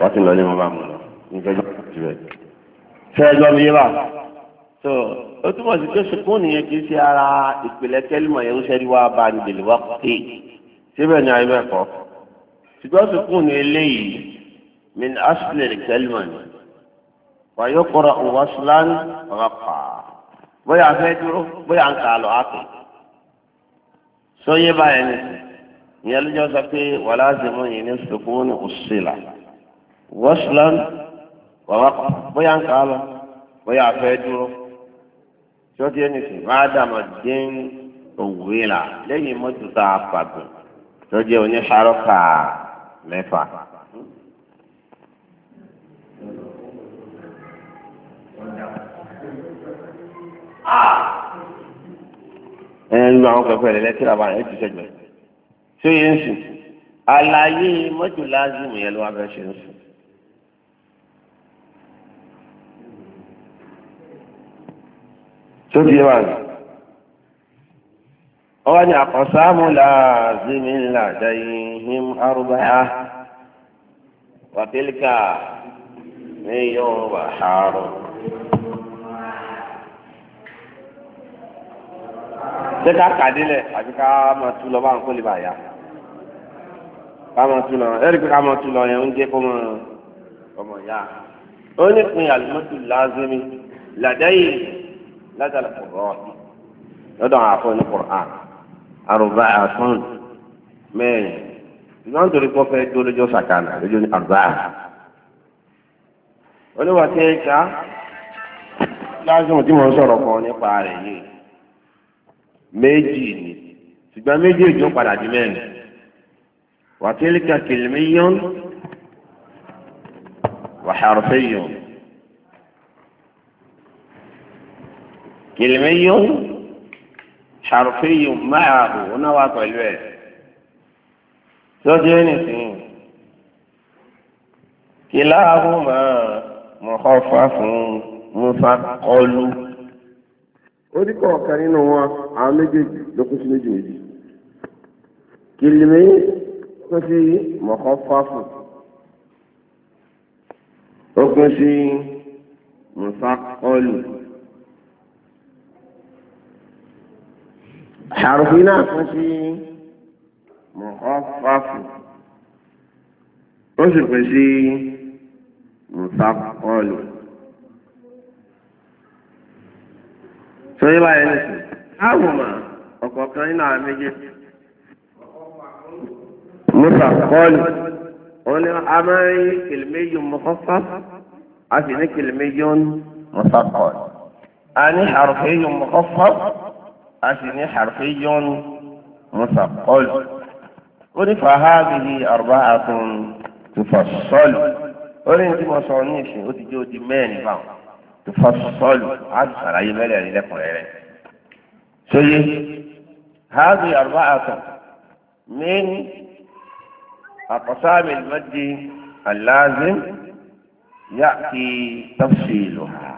wọ́n ti lọ ní wọn bá mú lọ nígbà tó ti bẹ̀. fẹ́ẹ́jọ́ mi yíra tó o túmọ̀ sí pé sukùn nìyẹn kì í ṣe ara ìpìlẹ̀ kẹ́límọ̀ yẹn ń ṣẹ́rí wá bá ní bèlè wá pé síbẹ̀ ni ayé mẹ́kọ̀ọ́ ṣùgbọ́n sukùn ní eléyìí min asilẹ̀ kẹ́límọ̀ ni wàyó kọ́ra òwàsílán rapa bóyá fẹ́ dúró bóyá ń kà á lọ á pè sọ yé báyẹn ni ìyẹn lójó sọ pé wàlá àzẹmọ yìí ní sukùn ní òṣèlú. wọ́ṣùlán wàwá bóyá ń kà á lọ bóyá àfẹ́ dúró ṣọ́ọ́tì ẹni sì bá dàmọ̀ dín òwe là lẹ́yìn mọ́tò tá a pàgùn tó jẹ́ oníṣàrọ́kà mẹ́fà. ẹnu àwọn pẹpẹ rẹ lẹtí àbá yẹn ti sẹgbẹ ṣé yẹn ń sùn àlàyé mọ́tò láàzìmù yẹn ló wá fẹ́ ṣe ń sùn. tó wà ní. ni àkọsáàmù làzìmí làdá ihim arúbáyá wàtílíkà ní wà hàrù. ṣé ká kàdílẹ̀ àbí ká máa tú lọ bá ń kó lè bàyà ká máa tú lọ ẹ̀rí pé ká máa tú lọ yẹn ń kó mọ ọmọ ó ní pin àlùmọ́tò ládàlẹ̀ kùrọ̀ọ̀tì lọ́dọ̀ àwọn afọ ní kùrọ̀án àrùbá àtún mẹ́rin ìgbọ́n torí pé wọ́n fẹ́ dó lójó sàkánà lójó ní àrùbá oníwàtí ẹ̀ka lásìkò tí mo ń sọ̀rọ̀ kan nípa rẹ̀ yìí méjì ni ṣùgbọ́n méjèèjì ó padà di mẹ́rin wàtílíkà kìlìmíyàn wàhálùfẹ́yàn. kìlìmẹ́yọ ṣàrùfẹ́yọ máa bò ó náà wà pẹ̀lú ẹ̀ lọ́jọ́ nìsín kìláàbùmá mọ̀kọ́fà fún mufakọ́lù. ó ní kọ̀ọ̀kan nínú wọn àwọn méjèèjì ló kún sí méjèèjì kìlìmẹ́ kún sí mọ̀kọ́fà fún ó kún sí mufakọ́lù. Ṣàrùfín náà kún sí mọ̀ọ́fáfù. Ó sì pè sí mùsàkọ́lù. Sọ́yìn báyìí nìsín. Áwùmá ọ̀kọ̀ọ̀kan nínú àwọn méjèèjì. Mùsàkọ́lù. Wọ́n ní a máa ń rí kìlìmẹ́jì mọ̀ọ́fáfù. A sì ní kìlìmẹ́jì mùsàkọ́lù. A ní àrùfín mọ̀ọ́fáfù a sì ní harfiyyun musaqqal ó ní fàhádìí arba'atun tufassal ó ní tí mo sọ ní ìsìn ó ti jẹ́ odi mẹ́rin báwọn tufassal á ti sàlàyé mẹ́rẹ̀ẹ̀rin lẹ́kùnrẹ́rẹ́ sóyè hádìí arba'atun min أقسام المد اللازم يأتي تفصيلها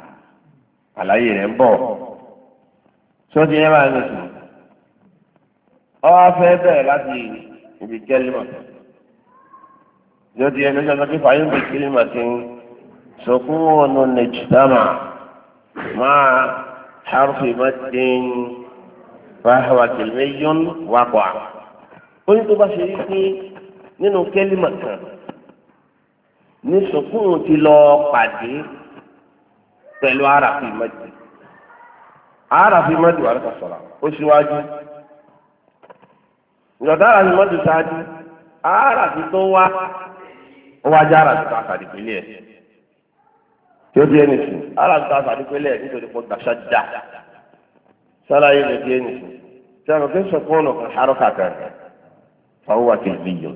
على ينبو tó ti yẹ máa ń sùn ọ wá fẹ́ bẹ̀rẹ̀ láti ibi kẹ́límà yóò ti yẹ lójú ọjọ́ fífa yóò fi kẹ́límà sí i sọkún ọ̀nà nàìjíríà máa harfi mẹ́tẹ́n fáwọn kìlímẹ́yọ́n wákọ̀ á. ó ní tó bá ṣe wípé nínú kẹ́límà kan ní sọkún ti lọ pàdé pẹ̀lú àràfin mẹ́tẹ́n àràfi mọ́tò wà lọ́kà sọ̀rọ̀ ó síwájú ìjọba àràfi mọ́tò ṣáájú àràfi tó wá ó wájú àràfi tó àkàdé pélé ẹ̀ tí ó di ẹni sùn àràfi tó àkàdé pélé ẹ̀ nítorí pé gbàṣà já sálàyé lè di ẹni sùn tí a lọ fi sọ̀kún ọ̀nà kan àrò kàkàn fáwọn àkèjì yọ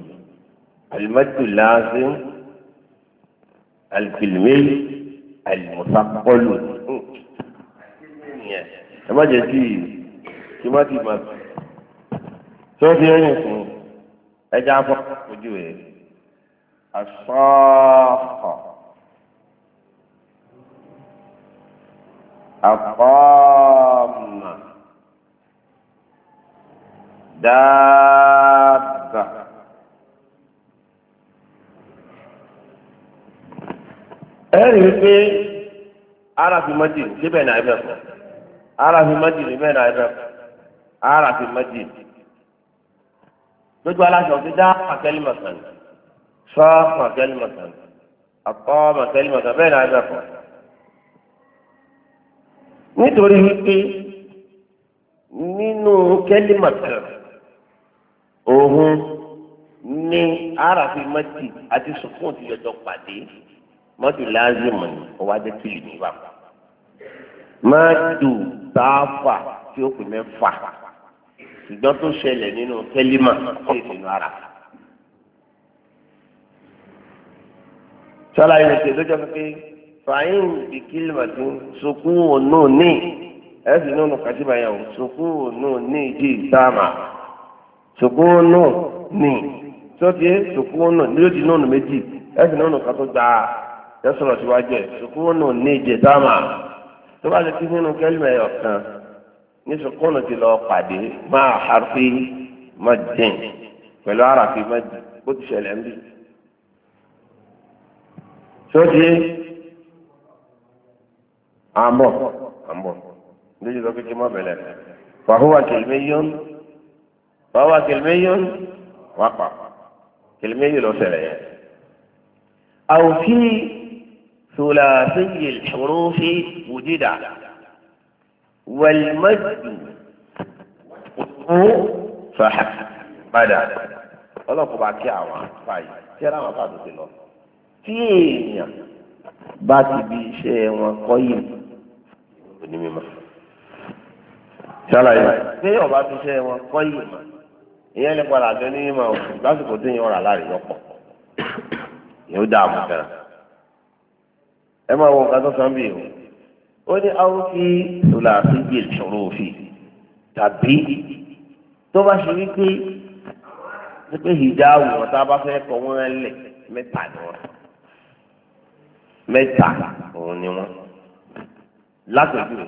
alimadu laazim alikilimi alimusakolu ẹ má jẹ tí kí má ti má tó fi ẹ̀yìn fún ẹja fọ ojú ẹ asọ́ọ̀kọ̀ akọ́ọ̀mà dáàbà. ẹ rí pé ara fi mọ́tì síbẹ̀ náà ẹ bẹ̀ fún arafi majid bẹ́ẹ̀ náà ẹ̀rọ arafi majid lójú aláṣọ ti dá àkẹ́lì màkàn sọ àkẹ́lì màkàn àkọ́ àkẹ́lì màkàn bẹ́ẹ̀ náà ẹ̀rọ kọ́ nítorí wípé nínú kẹ́lì màkàn òun ní arafi majid àti sukun ti yọjọ pàdé mọ́tò láàzìmọ̀ ni ó wá dé tìlù níwájú máa dù báfà tí ó pè mẹ́fà ṣùgbọ́n tó ṣẹlẹ̀ nínú kẹ́límà tó ìpinnu ara. sọlá yìí ṣe lójọ́ pé fàáyìn ìkílìmà tó sokún ònú ní ẹ̀sìn nínú kàtìmá yẹn o sokún ònú ní ìdí ìsáàmà sokún ònú ní sọ́tí sokún ònú ní lójì nínú méjì ẹ̀sìn nínú kan tó gba ẹ̀sọ̀rọ̀ síwájú ẹ̀ sokún ònú ní ìdí ìsáàmà. وبعد كده انه كلمه يا اختان نفس القونة اللي وقع به ما حرفه مد فلو عرف مد قد شاء الانبي شو دي عمر عمر نجي ذاك ما بلا فهو كلمي فهو كلمي وقع كلمي لو سلا او في ثلاثي الحروف وجد والمجد فحسب padà ọlọ́pàá bá kí àwọn àfàyè tí ara wọn fàdùn sí lọ. tí èèyàn bá ti bi iṣẹ́ wọn kọ́ yìí òní mímọ́. ṣàlàyé pé ọba fi iṣẹ́ wọn kọ́ yìí mọ́ ìyẹn nípa làjọ ní mímọ́ lásìkò tí èèyàn rà láàrin lọ́pọ̀ yóò dààmú gan-an ẹ máa wọ nǹkan tó sàn bí o ó ní áwùkí tòlà àfíjì ìṣòro òfin tàbí tó bá ṣe wípé wípé hijabu wọn tá a bá fẹ́ kọ wọn lẹ̀ mẹ́ta ni wọn mẹ́ta òun ni wọn látọ̀jú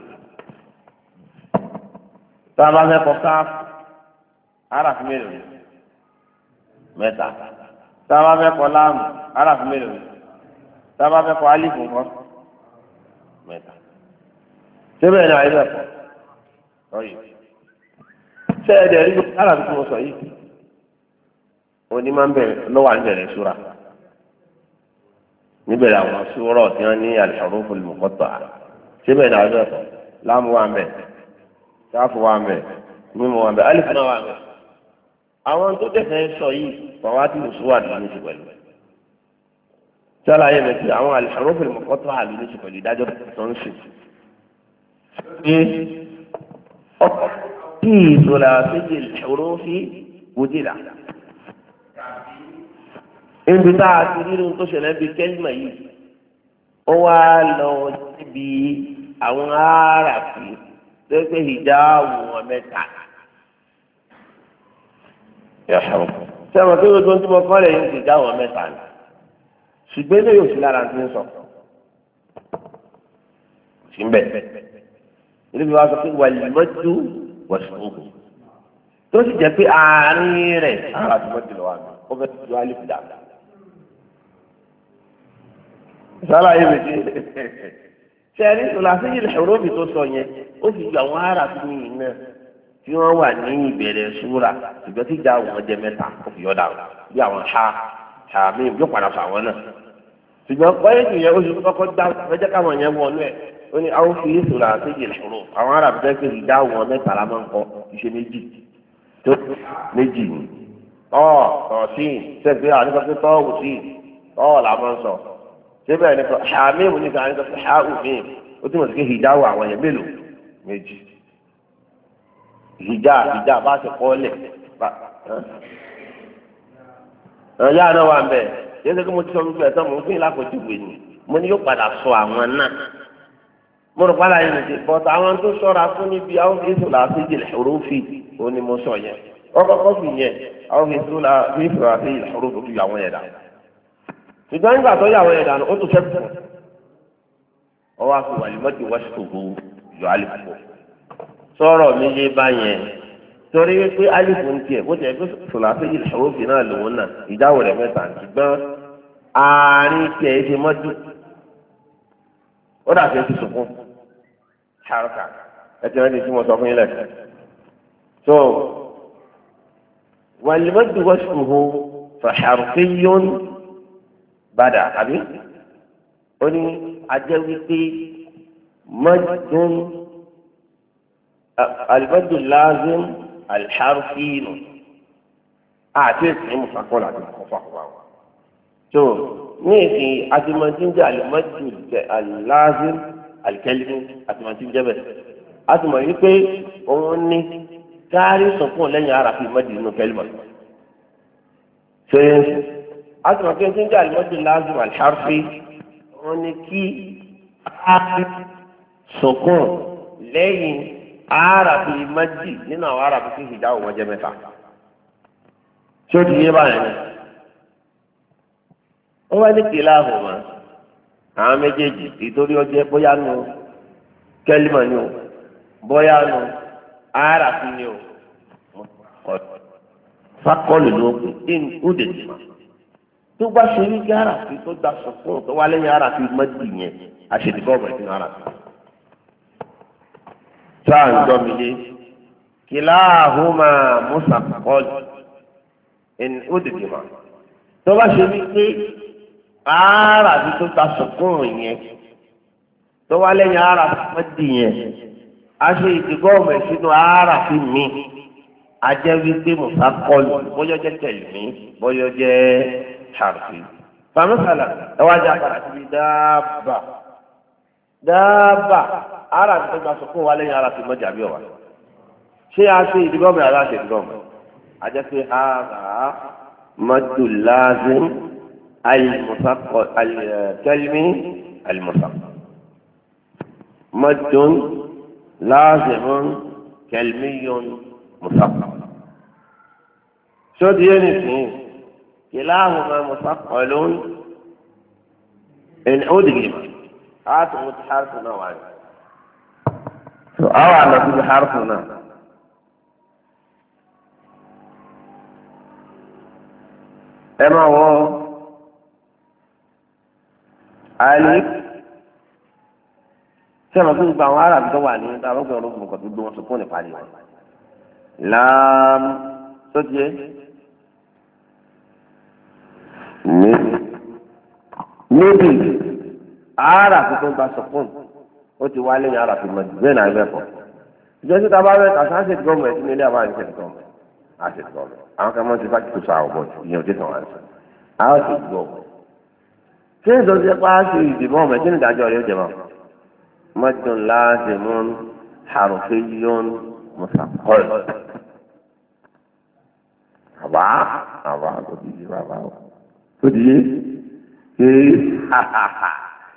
tá a bá fẹ́ kọ káfù aráàfin mélòó mẹ́ta tá a bá fẹ́ kọ láàmù aráàfin mélòó sábà fẹ́ kọ́ alifu kọ́ mẹ́ta sẹ́bẹ̀ ní ayé bẹ́ẹ̀ kọ́ ọ̀yẹ́ sẹ́ẹ̀dẹ̀ rí alábi tí mo sọ yìí òní máa ń bẹ̀rẹ̀ lọ́wọ́ à ń bẹ̀rẹ̀ sura níbẹ̀rẹ̀ àwọn sura tí wọ́n ní al-huruf al-muqatta'a sẹ́bẹ̀ ní ayé bẹ́ẹ̀ kọ́ láàmú wa ń bẹ̀ wa ń bẹ̀ wa ń alifu náà wa ń àwọn tó tẹ̀sẹ̀ sọ yìí bàbá tí mo wà nínú ìṣù pẹ̀lú ẹ̀ sálàyé mi ti àwọn àlùfẹ́ mọ̀kọ́tọ́ àlù ní ṣùgbọ́n ìdájọ́ tó ń sè. ṣé ọkọ̀ tí ìṣòro àfẹ́jì ìṣòro fi wòdìlà. níbi tá a ti rírun tó ṣẹlẹ̀ bíi kẹ́lìmọ̀ yìí ó wá lọ síbi àwọn aráàfin tó pé ìdáàwò wọn mẹ́ta. sẹ́wọ̀n kí ló tó tí mo kọ́ lẹ́yìn ìdáàwò mẹ́ta ni ṣùgbọ́n ilé yóò sí lára ti ń sọ sí ń bẹ̀ ilé mi wá sọ pé wàlúmọ́jú wọ̀ṣùnkù tó sì jẹ́ pé àárín rẹ̀ ara ti mọ́jú lọ́wọ́ àná ó fẹ́ ju alifu dáadáa sálàyé mi ti sẹ́ẹ̀rí ìsọ̀làsíyìí lẹ́rọ́bì tó sọ yẹn ó fi ju àwọn ará tó yìí náà tí wọ́n wà ní ìbẹ̀rẹ̀ ṣúra ṣùgbọ́n tíjà àwọn ọdẹ mẹ́ta ó fi yọ̀ dà bí àwọn ha ha mi yóò padà fà wọ́n náà ṣùgbọ́n kọ́yẹ́jù yẹn oṣù kọ́kọ́ dá fẹ́jẹ́ káwọn yẹn wọnú ẹ̀ ó ní àwọn fi yéṣu là ṣe yẹ ṣòro àwọn arábì fẹ́ pé ìdá wọn mẹ́tàlá máa ń kọ́ iṣẹ́ méjì tó méjì ni ọ̀ tọ̀sí sẹ́gbẹ́ àníkọ́sí tọ́wù sí ọ̀ là máa ń sọ síbẹ̀ nípa ṣàmìmù nípa àníkọ́sí ṣáàù mi ó túmọ̀ sí pé ìdáwó àwọn yẹn mélòó méjì ìjà ìjà bá ṣe kọ́ lẹ̀ bá ẹ̀yà náà wà ń bẹ́ẹ̀ yẹn sẹ́kẹ́ mo ti sọ gbogbo ẹ̀sán mo ń fún yín lákòójúwe ni mo ní yóò padà sọ àwọn náà mo rò pàdà yìí nìyí bọ́tà àwọn tó sọ̀rọ̀ fún níbi àwọn èso làásìjì lẹ́hùrúfì ó ní mo sọ yẹn ọkọ̀ọ̀kọ̀ fi yẹn àwọn èso làásìjì lẹ́hùrúfì ó fi àwọn yẹn dà ṣùgbọ́n nígbà tó yà àwọn yẹn dà ó tún fẹ́ fún ọwọ́ àfọwàlì mọ́tò wáṣítò gbó yọ àlùkò sọ̀rọ̀ mi yé bá torí wípé alifu ń tiẹ̀ bó tiẹ̀ pé sọ̀làfẹ́ yìí ṣòwòfì náà lòun náà ìdáwọ̀ rẹ̀ mẹ́ta ṣùgbọ́n àárín tiẹ̀ ṣe mọ́jú ó dà sí ti sùnkún ṣàrùkà ẹ ti rántí tí mo sọ fún yín lẹ̀. so wàlúmọ́dù wọ́ṣùkùhù fàṣàrùkìyún bàdà àbí ó ní ajẹ́ wípé mọ́jú alimọ́dù láàzín alḥarfinu àti ìsìn mùsàkọ́lá àti mùsàkọ́fà wa. tó ní ìsìn àtìmọ̀tìjẹ àlùmọ́tì jẹ aláàzí alikẹ́lẹ́mí àtìmọ̀tìjẹ bẹ́ẹ̀. àtìmọ̀ yìí pé òun ní káárí sọ̀kún lẹ́yìn ara fi mọ́tì nínú kẹ́lẹ́mọ̀. fẹ́ẹ́sì àtìmọ̀ kí n láàzí alḥarfi òun ní kí káárí sọ̀kún lẹ́yìn. arabi méjì nínú àwọn arabi fi hijabu wọn jẹ mẹ́ta tí ó ti yé báyìí ni wọn wá ní kìlá àhùnmá àwọn méjèèjì bọyanu ọjẹ bóyá nu ni o bóyá nu arabi ni o fakọlù ló pè é ó dè sáà ń gbọ́ mi yé kìláàhùmá mùsàkọ́lì ẹni ó tètè mà tó bá ṣe wípé ara àti tó ta sùkún yẹn tó wá lẹ́yìn ara fún dì yẹn a ṣe ìdígọ́ọ̀mù sínú ara fi mí a jẹ́ wípé mùsàkọ́lì bóyọ́ jẹ́ tẹ̀lé bóyọ́ jẹ́ ṣàrùfì. fàmísàlà ẹ wá jẹ́ àpàràtì dáàbà dáàbà ara ti tọ́jú aṣọ fún wa lẹ́yìn ara ti mọ́ jàbí ọ̀wà ṣé a ṣe ìdígọ́mì ara ṣe ìdígọ́mì àjẹ́ pé ara mọ́tò láàzín alimusakọ alikẹlmi alimusakọ mọ́tò láàzín kẹlmiyun musakọ. sọ́dí yẹn nìsín kìláàhùn mọ́ musakọ lónìí ẹ̀ ní ó dìgbì mọ́ àti mo ti hárùfù náà wáyé. so àwọn àlọ́ ti hárùfù náà. ẹ máa wọ alif tí a gba àwọn aráàlú tó wà ní arọ́gbọ̀n ológun kan tó gbé wọn sọ̀kún nípa rẹ̀ láàm tó ti yé níbi ara tuntun ba sọkún ó ti wá lẹ́yìn ara tuntun bẹ́ẹ̀ náà bẹ́ẹ̀ kọ́ ìjọ sí tábà bẹ́ẹ̀ kàṣà àṣẹ ti gọ́ọ̀mù ẹ̀ sínú ilé àbá àṣẹ ti gọ́ọ̀mù àṣẹ ti gọ́ọ̀mù àwọn kan máa ti bá kìtù sọ àwọn bọ̀ ìyẹn ò ti sàn wọn sọ àwọn ti gọ́ọ̀mù kí ìjọ sí pa ṣe ìdìbò ọmọ ti di bàbá o tó ti yé ṣe ha ha ha.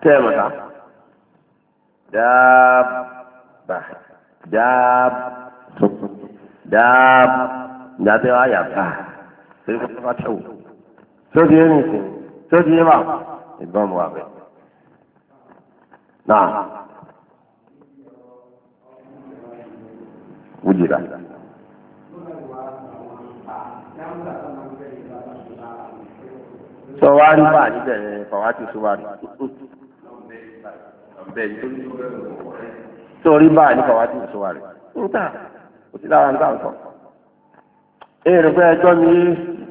tẹ́ẹ̀mọ̀ta dáàbà dáàbà dáàbà ìdájọ́ àyàbá torí wọ́n bá tẹ̀wò tó di ẹni ìsìn tó di ẹwà ìbọn mu àbẹ̀ náà wújìlá. sọ wá rí bá níbẹ̀ yẹn kọ̀ ti sọ wá rí bẹ́ẹ̀ ni sórí báà nípa wá sí ìṣòwà rẹ̀ níta kò sí lára níta nǹkan èrè pé ẹjọ́ mi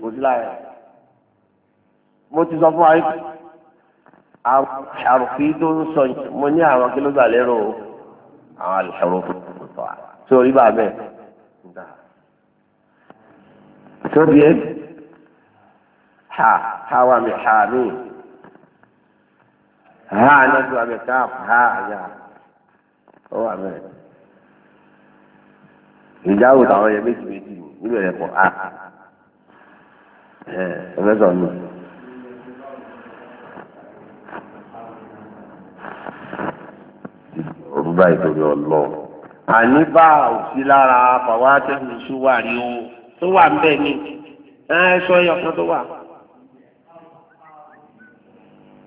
kò sí lára mo ti sọ fún wa àrùkí tó ń sọ mo ní àwọn kí lérò àwọn àlùsọ̀rọ̀ tó wà sórí báà bẹ́ẹ̀ níta sóbi ẹ ha ha wà mí ha mí. Ha, نزل أبي كاف ها يا هو أمين ìdáhùn táwọn yẹn méjì méjì níbẹ̀ yẹn kọ́ a ẹ mẹ́sàn-án nù. òrùba ìtòrí ọlọ. àníbà òsì lára bàwá tẹ̀sán ṣúwà rí o tó wà ń bẹ̀ ni ẹ sọ ẹyọ kan tó wà.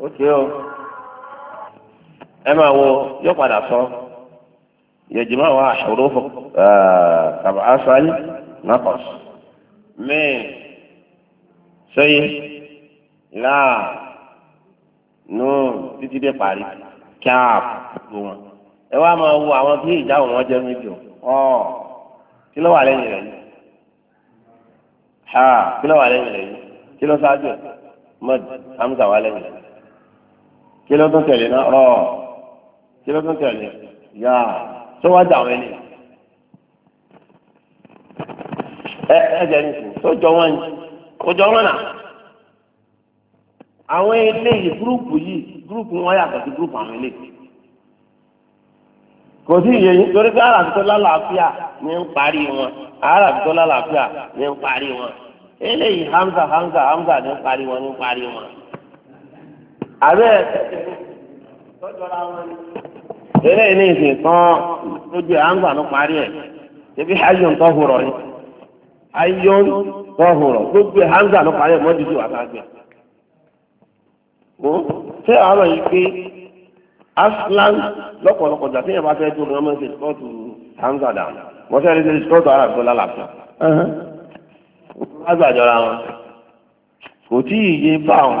ó ṣe o ẹ máa wo yóò padà sọ yẹjìmọ́ àwọn àṣọrò fún kàbà asali nàkọs míì sẹ́yìn láà nù títí dé parí kíáp gbogbo wọn ẹ wá máa wo àwọn bí ìjáwọ̀ wọn jẹ́ méjì ọ kí ló wà lẹ́yìn rẹ̀ yìí ha kí ló wà lẹ́yìn rẹ̀ yìí kí ló ṣáájú ẹ̀ mọ́d hamza wà lẹ́yìn rẹ̀ yìí kí ló tún tẹ̀lé náà ọ̀ kí ló tún tẹ̀lé yá tó wá dà ẹ ẹ jẹ́ nìkan tó jọ wọ́n ni ó jọ wọ́n náà àwọn eléyìí gúrúùpù yìí gúrúùpù wọn yàtọ̀ sí gúrúùpù àwọn eléyìí kò sí ìyẹn yìí torí pé àràbí tó lálàáfíà ní ń parí wọn àràbí tó lálàáfíà ní ń parí wọn eléyìí hamza hamza hamza ní ń parí wọn ní ń parí wọn. àbẹ́ eré ní ìsìn kan lójú àǹgbà ló parí ẹ̀ ebi ayọ̀ nǹkan hùrọ̀ ni ayọ̀ nǹkan hùrọ̀ gbogbo àǹgbà ló parí ẹ̀ mọ́ dídú àtàgbẹ̀. mo ṣé àwọn yìí pé aslan lọ́pọ̀lọpọ̀ jà téèyàn bá fẹ́ tó lọ́mọ ṣe kóòtù àǹgbà mo fẹ́ rí ṣe kóòtù ara gbọ́lá làkàn. wọ́n gbàjọra wọn kò tí ì yé báwọn.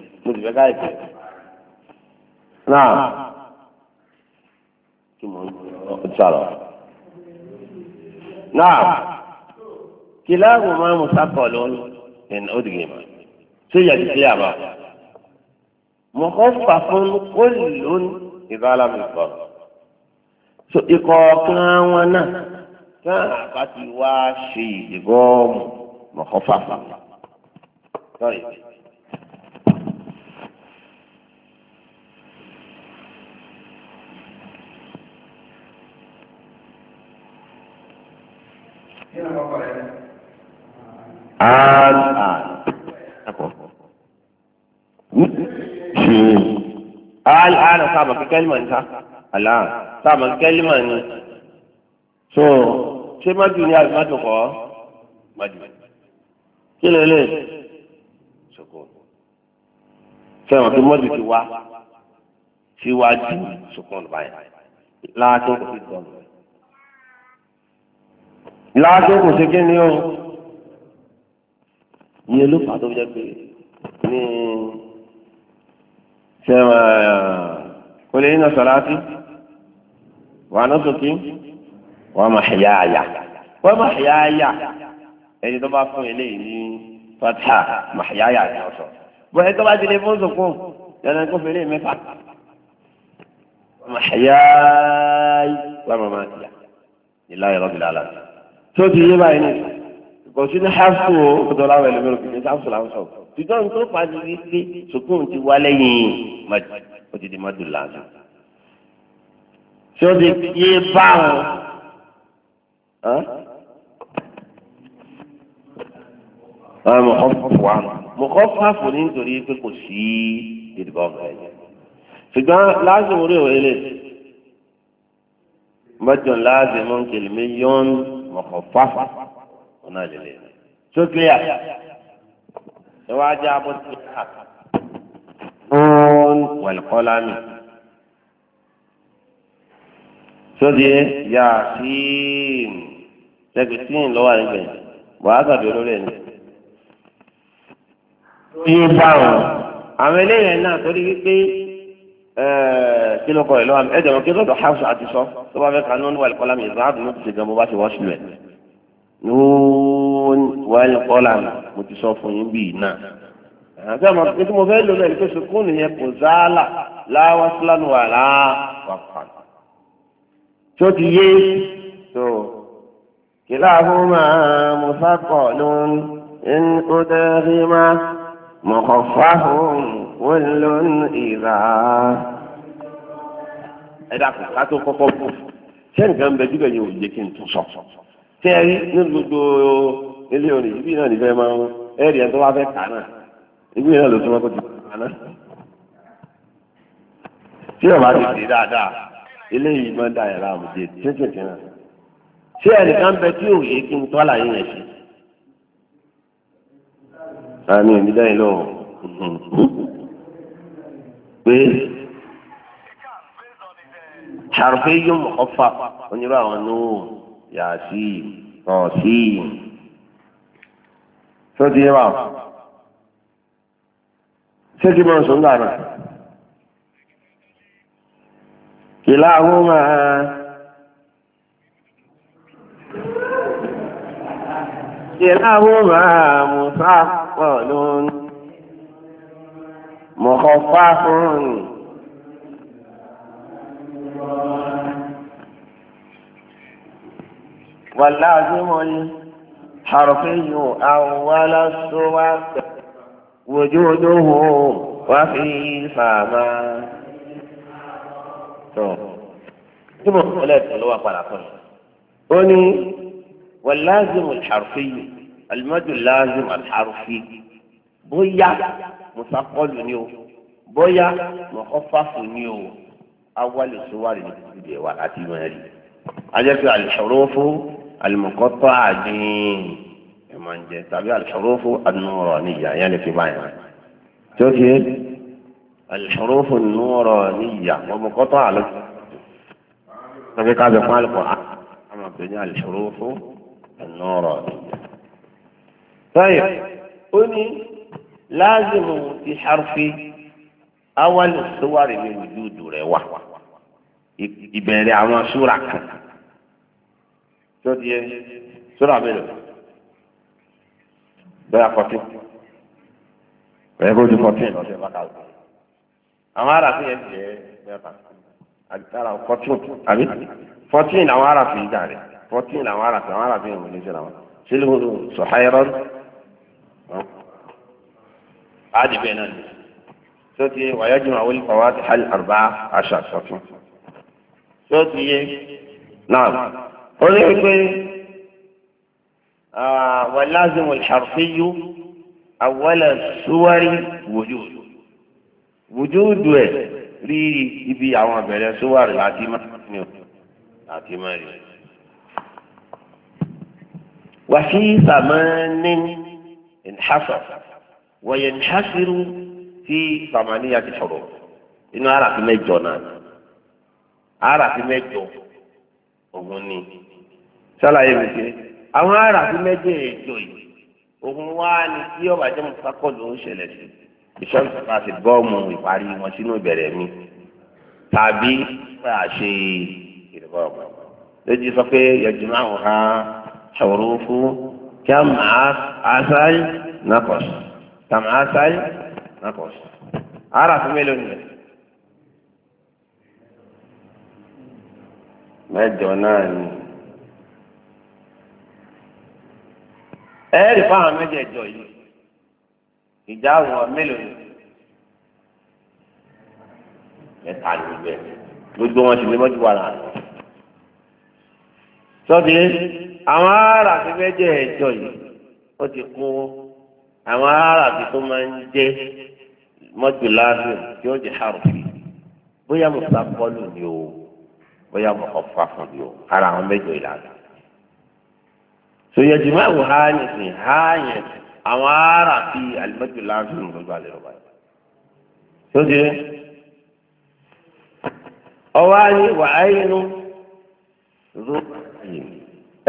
ti fẹ́ káyìí fẹ́. náà kí mo ń sọ̀rọ̀. náà kìláàbù máa mú sákọ̀ lónìí ẹ̀nà ó dìgbì ṣé yàtí sí àbá? mo kọ́ fà fún kólì lónìí ìbálàmì kọ́. so ikọ̀ kan wọn náà kan àbá ti wá ṣe ìdìbò mọ̀kọ́fà fà. sọ́yìn. al-an shi al-an sabon kalman ta al-an sabon kalman ne so ṣé madu ni àbí madu kọ́ madu kí ló lè sọkọ fẹ́ràn tó madu ti wá síwájú sọkọ ọ̀nà báyìí láàtọ̀ kò sí dọ̀nù láàtọ̀ kò sí kí ni o ìyẹn ló fà tó jẹ́ pé ní sẹ́wọ̀n kò lè nínú sọ̀láàtì wà nọ́sọ̀kì wà má hìyáàyà wà má hìyáàyà ẹni tó bá fún eléyìí ní fata má hìyáàyà ni wọ́n sọ bọ́ ẹni tó bá délé fún sọ̀kù yàrá kó fèrè mẹ́fà má hìyáàyà wà má má hìyá ìlà ìrọ̀bìlà àlàyé tó ti yé báyìí nìyí bọ̀sí ní hafsu o kótó láwọn ẹlẹ́mẹ̀rẹ̀ kìíní hafsu là ń sọ tìjọ́ ní tó pàdé wípé sukùn ti wá lẹ́yìn madu ó ti di madu làásù tí ó ti yé báwọn mọ̀kọ́fù wa mọ̀kọ́fù nítorí pé kò sí ìdìbò ọ̀gá ẹ̀jẹ̀ ṣùgbọ́n láàzùm orí òwe lè mọ́jọ́ láàzùm kìlìmí yọ́n mọ̀kọ́fù àfò ọ̀nà ìlẹ̀ sókè yà ẹ wá jẹ́ abọ́sí yà fún wẹ̀lkọ́lá mi sódì e, yà síìm sẹ́kì síìm lọ́wọ́ àrígbẹ̀ wàá tàbí olórí ẹni. iye báwọn àwọn eléyìí náà torí wípé kí ló kọ ẹ lọ́wọ́ ẹ jẹ́ wọn kí ló dọ̀ house àti sọ tó bá fẹ́ kanú wẹ̀lkọ́lá mi ìzáàdùn ló ti ṣe gan bó bá ti wọ́ṣù rẹ̀ nùún wàhálì kọ́là mo ti sọ fún yín bíi náà àti àmọ́ pé tí mo fẹ́ lò náà ní pé sukùn nìyẹn kò záàlà láwa sílánù wà láà pàpà tó ti yé tó kìláàfùmá musaqalun in udghima mukhaffafun kullun idha. ẹ dàpọ̀ ká tó kọ́kọ́ bù sẹ́nìkan bẹ jùlọ yẹn ò yẹ kí n tún sọ tẹ́rí ní gbogbo ilé orin ibi náà nífẹ̀ẹ́ máa ń ẹ̀rí ẹ̀ tó wá fẹ́ kà náà ibi náà ló tún wọ́n kó ti kà náà. tí ọba ti dé dáadáa eléyìí máa ń da ẹ̀rọ àmùjẹ tẹ́tẹ̀tẹ̀ náà. ṣé ẹnìkan bẹ tí òye kí n tọ́lá yín yẹn ṣe? àmì ìdílẹ́yìn lọ́wọ́ pé ṣàrùfẹ́ yóò mọ̀ ọ́fà onírú àwọn níwò yasin tọ̀sìn tó ti wà ṣé kí mo sùn gbà náà kìlá àwọn kìlá àwọn máa mùsàkọ̀ lónìí fáfún ni. واللازم الحرفي أول الصور وجوده وفي فما túbọ̀ kọ́lẹ̀ tẹ̀lé wa padà fún mi. ó ní wàlázìm alḥarfi alimadu lázìm alḥarfi bóyá musakọ́lù ni o bóyá mọ̀kọ́fàfù ni o awali sowari ni kúkú de wa àti mẹ́rin. ajẹ́ pé alḥurufu. المقطعة دي من جه تابع الحروف النورانية يعني في معنى شوفي الحروف النورانية ومقطعة لك طبيعي قاعد يفعل القرآن أما بني الحروف النورانية طيب قولي لازم في حرف أول الصور من وجود رواه يبقى على صورة كذا tó di yẹ sóra mélòó bẹ́ẹ̀ fọ́tí bẹ́ẹ̀ bó di fọ́tí lọ́sẹ̀ bá kà lọ. àwọn aráàfin yẹn ti yẹ mẹ́fà àgbàrá fọ́tí àbí fọ́tí àwọn aráàfin yìí dàrẹ́ fọ́tí àwọn aráàfin àwọn aráàfin yìí wọlé sí àwọn sílùú sọ̀háyẹ́rọ́ àdì bẹ́ẹ̀ náà ni tó di wàyájú àwọn olùkọ́wá ti hàlì àrùbá àṣà fọ́tí tó di náà ó ní wípé wàlázìm alḥarfiyyu awala suwari wujud wujudu ẹ̀ rí ibi àwọn abẹ̀rẹ̀ suwari láti má ní o láti má rí o. وفي ثمان انحصر وينحصر في ثمانية حروف إنه أعرف مجو نانا أعرف مجو أغني ṣàlàyé mi ṣe àwọn ará fi méjì ètò yìí òun wá ní tí ọba jẹ́ mo fakọ́ ló ń ṣẹlẹ̀ sí ìṣọ́nù bá ti gọ́ọ̀mù ìparí wọn sínú ìbẹ̀rẹ̀ mi tàbí bá a ṣe ìrìbọ̀ lójú sọ pé yọjú máa wò ha ṣòro fún kí a máa aṣáájú náà pọ̀ sí kí a máa aṣáájú náà pọ̀ sí ará fi mélòó nìyẹn. mẹ́jọ náà ni. ẹ̀ẹ́rì fáwọn mẹ́jẹ̀ẹ̀jọ yìí ìjà àwọn mélòó yìí mẹ́ta ní ibẹ̀ gbogbo wọn sì ní mọ́jú wàrà rẹ̀ sọ́bi àwọn ará ti mẹ́jẹ̀ẹ̀jọ yìí ó ti kún àwọn ará ti tó máa ń jẹ́ mọ́jú láàrin tí ó jẹ́ àrùfì bóyá mo sá kọ́lù ni o bóyá mo kọ́ fà fún mi o ara àwọn mẹ́jọ ìlànà sòyẹ̀dì máa wò ha yẹn sìn ha yẹn àwọn ará fi alimẹ́tò láti nù lọ́gbà lè rọ̀bà yìí. sóde ọwọ́ ayé wà ayé nu ló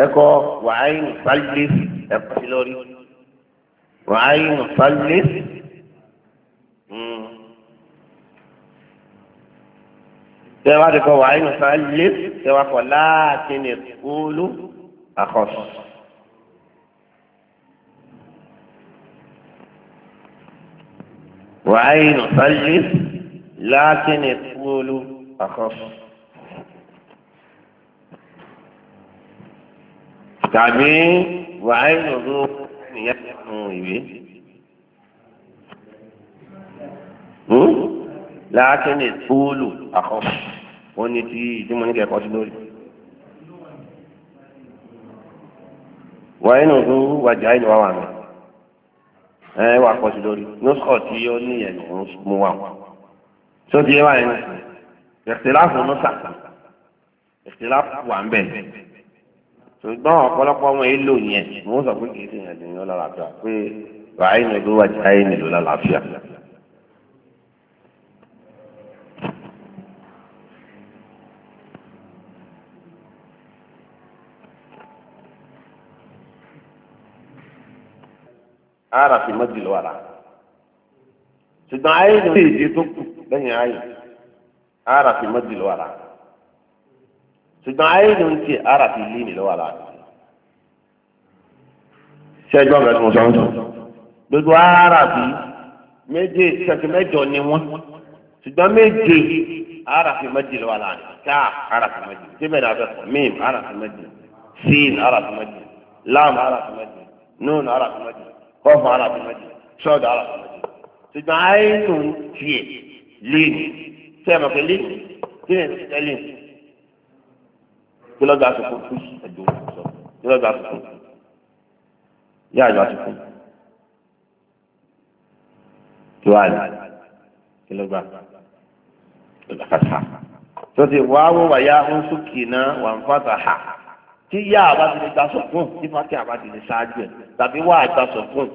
ẹ̀kọ́ wà ayé nu fálílẹ́sì ẹ̀kọ́ sí lórí wà ayé nu fálílẹ́sì. tẹ́wá ti wà ayé nu fálílẹ́sì tẹ́wá kọ́ láti kúlú àkọ́sọ́. وعين صلب لكن الطول أخف tàbí wàá yòrò ènìyàn nínú ìwé láàkínní tóólù àkọ́ wọn ni tí ìdímọ̀ ní kẹ́kọ̀ọ́ sí lórí. wàá yòrò wàjà ìnáwó àmì ẹ wà kọ́sí lórí nọ́sọ̀ tí ó ní ẹ̀nù ń mú wa tó ti yẹ wá yẹn ìṣẹ̀láfù nọ́sà ìṣẹ̀láfù wà ń bẹ̀ ṣùgbọ́n ọ̀pọ̀lọpọ̀ wọn èyí lò yẹn mo sọ pé kì í ṣe ìyàdùn lọ́la àfíà pé ràáyìn ló wà jáyìn ló lọ́la àfíà. ara fi mọ́jìlú ara ṣùgbọ́n ayé ní èdè tó kù lẹ́yìn ayé ara fi mọ́jìlú ara ṣùgbọ́n ayé ní ń tiẹ̀ ara fi lé nílò ara ṣé ẹjọ́ bẹ̀rẹ̀ tó ń sọ ń sọ gbogbo ara fi méje ṣẹ̀ṣẹ̀ mẹ́jọ ni wọ́n ṣùgbọ́n méje ara fi mọ́jìlú ara ká ara fi mọ́jìlú ṣé bẹ́ẹ̀ ni a mím ara fi mọ́jìlú sin ara fi mọ́jìlú lam ara fi mọ́jìlú nun ara fi mọ́jìlú kọ́ọ̀fù alábìmọ́jì ṣọ́ọ̀dù alábìmọ́jì ṣùgbọ́n àìsùn tiẹ̀ léèní sẹ́ẹ̀mọ̀ pé léèní kí ni ẹ̀sìn tẹ́lẹ̀ kí lọ́gà àsìkò fún ẹ̀dùn sọ kí lọ́gà àsìkò yá àjọ àsìkò kí wàá ní kí lọ́gà lọ́gà kàtà tó ti wàá wọ wàyà ń sùkì náà wà ń fàtà hà tí yá àbádìlẹ̀ gba sọ̀kún tí fati àbádìlẹ̀ ṣáájú ẹ̀ tàbí wá àgbà sọ̀kún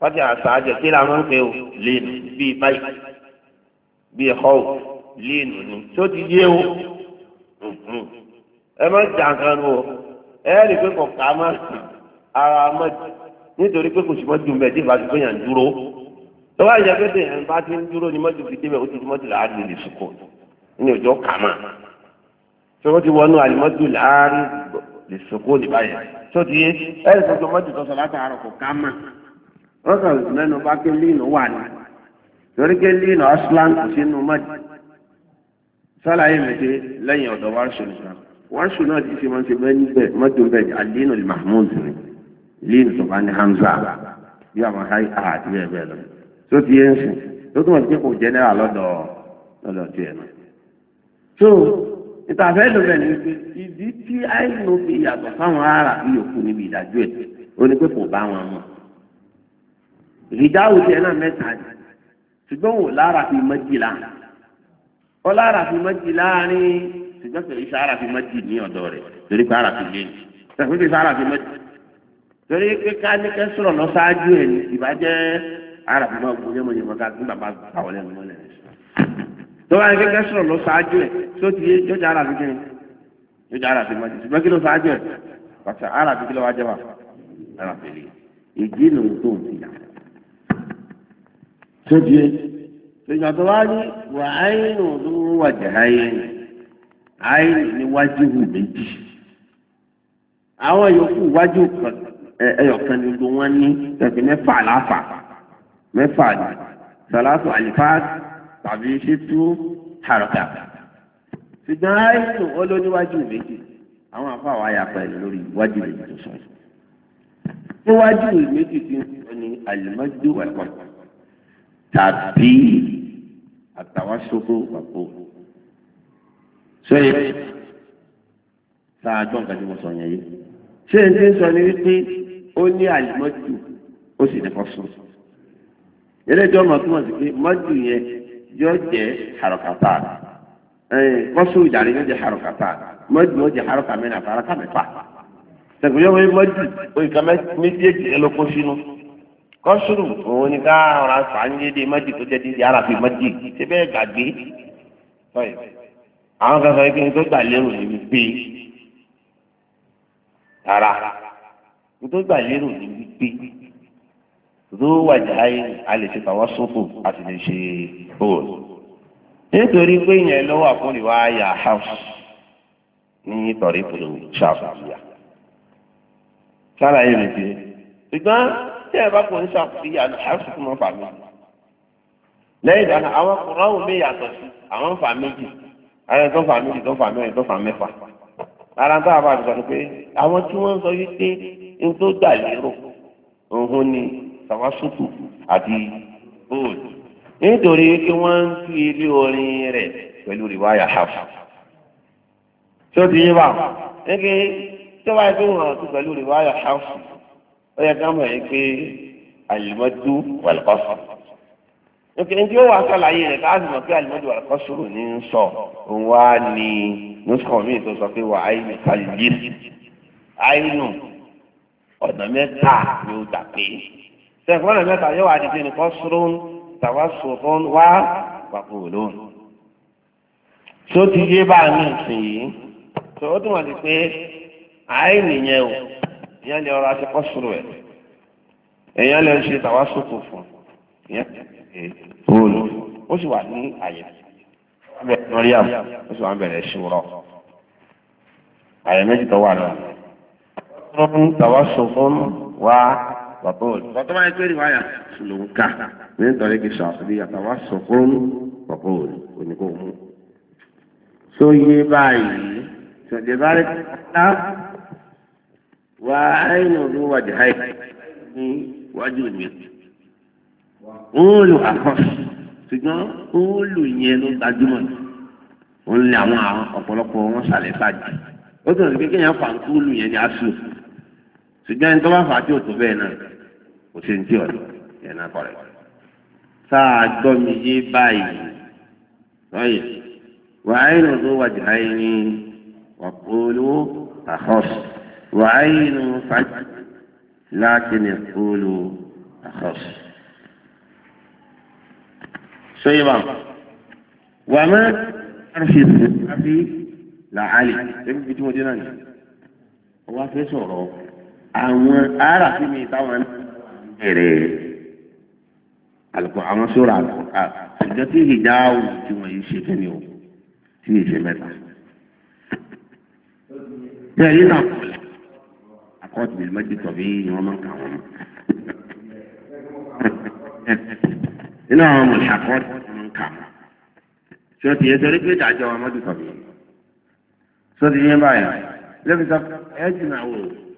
fati àṣáájú ẹ̀ kí la máa ń pè ó léènù bíi báyìí bíi họ́ọ̀ léènù ni tó ti yé o ẹ má jà kan o ẹ rí i pé kò ká má ara má nítorí pé kò sì má ju mẹ́ẹ̀ tí ìbá ti pé dúró tó bá yẹ pé tèèyàn bá ti ń dúró ni mọ́tò fi débẹ̀ ó ti fi mọ́tò láàrin lè sùkọ́ ní òjò kà má tí wọ́n ti wọnú àlùmọ́tò láàrin lè sòkó ní báyẹn tó ti yé ẹ̀rì tó jọmọ́tì tó sọ látàárọ̀ kò ká mà wọ́n kàn mẹ́nu bá ké líìnù wà ní torí ké líìnù aslan kò sínú mọ́tì sálàyé mẹ́tẹ lẹ́yìn ọ̀dọ̀ wáṣọ nìkan wáṣọ náà ti fi máa ń ṣe bẹ́ẹ̀ níbẹ̀ mọ́tò bẹ́ẹ̀ alínú mahmud ni líìnù tó bá ní hamza bí àwọn ha àti bẹ́ẹ̀ bẹ́ẹ̀ lọ tó ti yé ń sìn tó tó mọ̀ ìtàfẹ́ ló bẹ̀rẹ̀ ní pé ìdí tí àìlò fi yàtọ̀ fáwọn ará bí yòókù níbi ìdájọ́ ẹ̀ ó ní pé kò bá wọn mọ̀ ìdáhùn tiẹ̀ náà mẹ́ta ni ṣùgbọ́n wò lára fi méjìlá ó lára fi méjìlá ní ṣùgbọ́n kò iṣẹ́ ara fi méjì ní ọ̀dọ̀ rẹ̀ torí pé ara fi lé ní ṣàfihàn pé iṣẹ́ ara fi méjì torí pé ká ní kẹ́ sọ̀rọ̀ lọ ṣáájú ẹ̀ ní ìbàjẹ́ ara fi máa gbọ́ yẹ́mọ̀yẹ́mọ̀ tó wáyé pé lọ ló ṣáájú ẹ tó ti yé jọjà arábí kí ni jọjà arábí mọ jùlọ kí ló ṣáájú ẹ pàṣẹ arábí kí ló wá jẹba arábí rí ìdí ìlú tó ti yà tó ti yé tòjọ tó wá ní wà áyínú tó wà jẹ hù méjì àwọn yòókù wájú ẹyọkan gbogbo wọn ní tàbí ṣètú àròkà ṣùgbọ́n àìsùn olóníwájú méjì àwọn afọ àwọn àyàpá ẹ̀ lórí iwájú méjì tó sọ yìí níwájú méjì tí ń sọ ní àlùmọ́jú ẹ̀kọ́ tàbí àtàwáṣogbo pàpọ̀ sọyẹ sáájọ́ nǹkan tí mo sọ yẹn yìí ṣé n ti sọ ní wípé ó ní àlùmọ́jú ó sì ní kọ́ sùn eléjọ́ mọ̀ túmọ̀ sí pé mọ́jú yẹn yóò jẹ́ harokata kọ́sù ìdàrí yóò jẹ́ harokata mọ́jú yóò jẹ́ haroka mẹ́rin àti haroka mẹ́fà sẹ̀kùn yóò wọ́n mọ́jú òyìnká méjèèjì ẹlòkó sínú kọ́sù òun ni ká ọ̀rọ̀ àfààní mọ́jú tó jẹ́ dídí arábì mọ́jú ṣé bẹ́ẹ̀ gbàgbé àwọn kan sọ pé nítorí gbà lérò ní wípé tara nítorí gbà lérò ní wípé zuwa jahai a lè ṣe tàwọn sófò a sì lè ṣe bóòl nítorí pé ìyẹn ló wà fún ìwà àyà house ní tọ̀rí pẹ̀lú ṣàfihàn sára yìí nìyí ṣùgbọ́n tí ẹ bá kò ní ṣàfihàn house tó máa fà mí lẹ́yìn ìdáná àwọn kùránù mi yàtọ̀ sí àwọn fà méjì ara tó fà méjì tó fà mẹ́rin tó fà mẹ́fà ara tó àbá àdìgbà pé àwọn tí wọ́n sọ wípé n tàwásùkù àti bóòlù nítorí pé wọ́n ń tú ilé orin rẹ̀ pẹ̀lú rìwáyà hafu tí ó ti yé bá ẹgbẹ́ tó bá yẹ pé wọ́n ti pẹ̀lú rìwáyà hafu ó yẹ ká mọ̀ yẹn pé àlùmọ́dú wàlùkọ́sọ̀ nítorí tí ó wà sàlàyé rẹ̀ káàsì mọ̀ pé àlùmọ́dú wàlùkọ́sọ̀ ní sọ wá ní nùsùkọ̀ míì tó sọ pé wà áyínú kàlùyé áyínú ọ̀nà mẹ́ta ni ó gbà pé sẹ̀fọ́nà mẹ́ta yóò wá dìde nìkan sọ́rọ́n tàwa sọ̀tọ́n wá pàpọ̀ lóhùn. tó ti yé bá mi sìn yìí tó ó dùn wọ́n ti pé àìní yẹn o ìyẹn lè ọ̀rọ̀ àti kọ́sùrù ẹ̀ èèyàn lè ṣe tàwa sọ̀tọ̀ fún ìyẹn bóòlù ó sì wà ní àyè mọ́ríàm ó sì wà ń bẹ̀rẹ̀ ṣùrọ̀ àyè méjì tó wà náà. tàwa sọ̀tọ̀ wá. وقول فطبعا يكون معايا سلوكا من طريق الشاطبية توسق وقول ونقوم سوي باي سوي باي وعين ذو وجهين وجه الميت قولوا أخص ṣùgbọ́n kóòlù yẹn ló gbajúmọ̀ òun ni àwọn ọ̀pọ̀lọpọ̀ wọn ṣàlẹ̀ fàájì ó tún lè fi kéèyàn fà ń kóòlù yẹn ní aṣọ ṣùgbọ́n ẹni tó bá fà á tí ò tó bẹ́ẹ̀ náà kò sí ní tí ọ̀dọ̀ yẹn náà kọ̀ rẹ̀. sáà gbọ́ mi yé báyìí lọ́yẹ̀ wàáyìn tó wàjà ẹni wàkúlù àkọ́sù wàáyìn fàájì lákìn ìkúlù àkọ́sù. sọ́yìn bá wàmẹ́ àrùsí àfi làálì ẹbí tí mo dín náà ni wọ́n wá fẹ́ sọ̀rọ̀ ọkùnrin àwọn ará sí mi táwọn bẹ̀rẹ̀ àlùkò àwọn sóra àlùkò ká ṣùgbọ́n tí ìjà òun tí wọ́n yìí ṣe kíni o tí ìṣe mẹ́ta. Bẹ́ẹ̀ni náà àkọ́ọ̀tù bìí méjì tọ̀bí ni wọ́n máa ń kà wọ́n. Inú àwọn ọmọ ìṣe àkọ́ọ̀tù máa ń kà wọ́n. Ṣé ti yẹ sọ́rí pé ìdájọ́ ọmọdé tọ̀bí? Ṣé ti yẹ báyìí? Lẹ́bi sọ ẹ́ jìnnà wò ó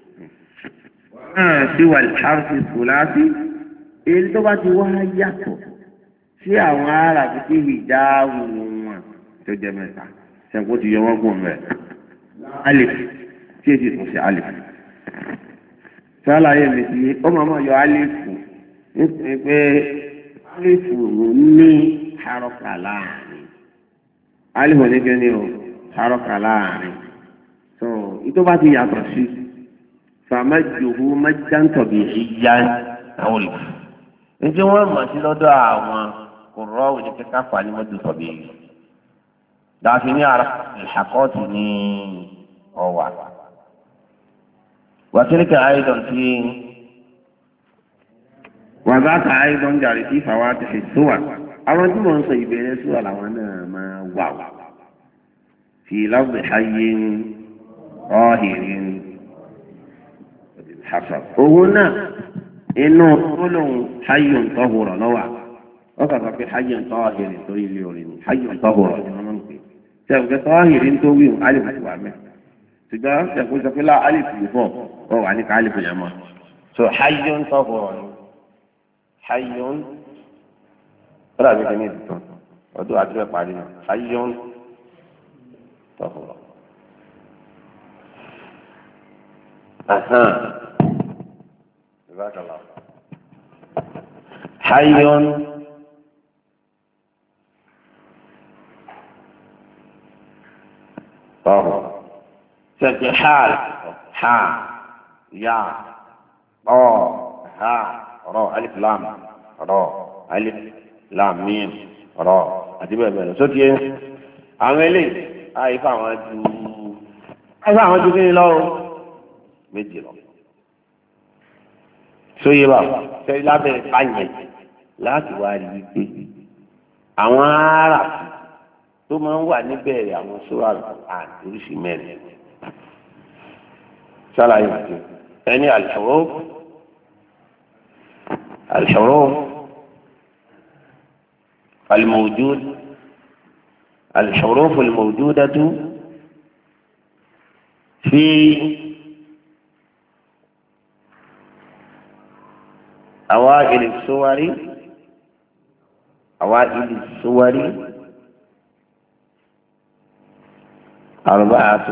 hàn sí wàlíhàrúfì sùláàsì èyí tó bá ti wá yàtọ̀ sí àwọn ará títí ìdáhùn wọn tó jẹ mẹ́ta sẹ́kó ti yọ wọ́n gùn mẹ́ alif tí èsì tún sí alif sálàyé mi sí ó máa máa yọ alif nítorí pé alif ní harọ́kà láàrin alif ò ní kí ni o harọ́kà láàrin so ìtọ́ bá ti yàtọ̀ sí i fàmájòhó májántọ̀bì ìyá àwọn olùkọ́. Ǹjẹ́ wọ́n mọ̀ sí lọ́dọ̀ àwọn kò rọ́ òní kíkà fà ní mọ́tòtọ̀bì yìí? Dàbí ní ara ìṣàkọ́ọ̀tì ní ọ̀wà. Wàtíríkà àìdàn ti wàzáàkà àìdàn jàre sí ìfàwà àti ìṣòwà. Àwọn tí wọ́n ń sọ ìbẹ̀rẹ̀ sùwà làwọn náà máa wà wà. Fi láwùjọ ayé ń rọ́ọ̀hìn hasan owó náà inú gbólóhùn hayo ntọ́hùrọ̀ lọ́wọ́ wọ́n kà sọ pé hayo ntọ́hìrì torí ilé orin ni hayo ntọ́hùrọ̀ ni wọ́n máa ń pè sẹ́wọ̀n tọ́hìrì ń tó wíwù alif ti wà mẹ́ ṣùgbọ́n sẹ́wọ̀n sọ pé lá alif yìí bọ̀ ọ wà ní ká alif yẹn mọ́ so hayo ntọ́hùrọ̀ ni hayo ó dàbí kí ní ìdìtọ́ ọdún àdúrà parí náà hayo ntọ́hùrọ̀. حي طه سكت حال حا يا طه ها را ألف لام را ألف لام ميم را àti bẹ́ẹ̀ bẹ́ẹ̀ lọ sókè yẹn àwọn eléyìí àìfà àwọn ju àìfà àwọn ju kí ni lọ́wọ́ méjì lọ sóyè bá sẹ́yìn lábẹ́ ìpànyẹ̀ láti wá rí i pé àwọn ará tó máa ń wà níbẹ̀rẹ̀ àwọn sóra àti oríṣi mẹ́rin sálàyé àti ẹni àlùfọ́rọ́ àlùfọ́rọ́ الموجود الحروف الموجودة في أوائل السور أوائل السور أربعة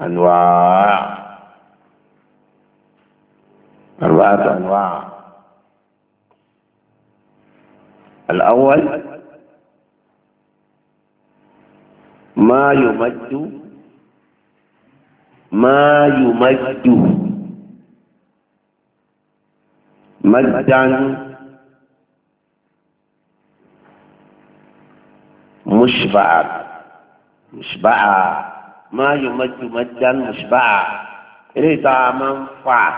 أنواع أربعة أنواع الأول ما يمد ما يمد مدا مشبعا مشبعا ما يمد مدا مشبعا إليه تعاما فا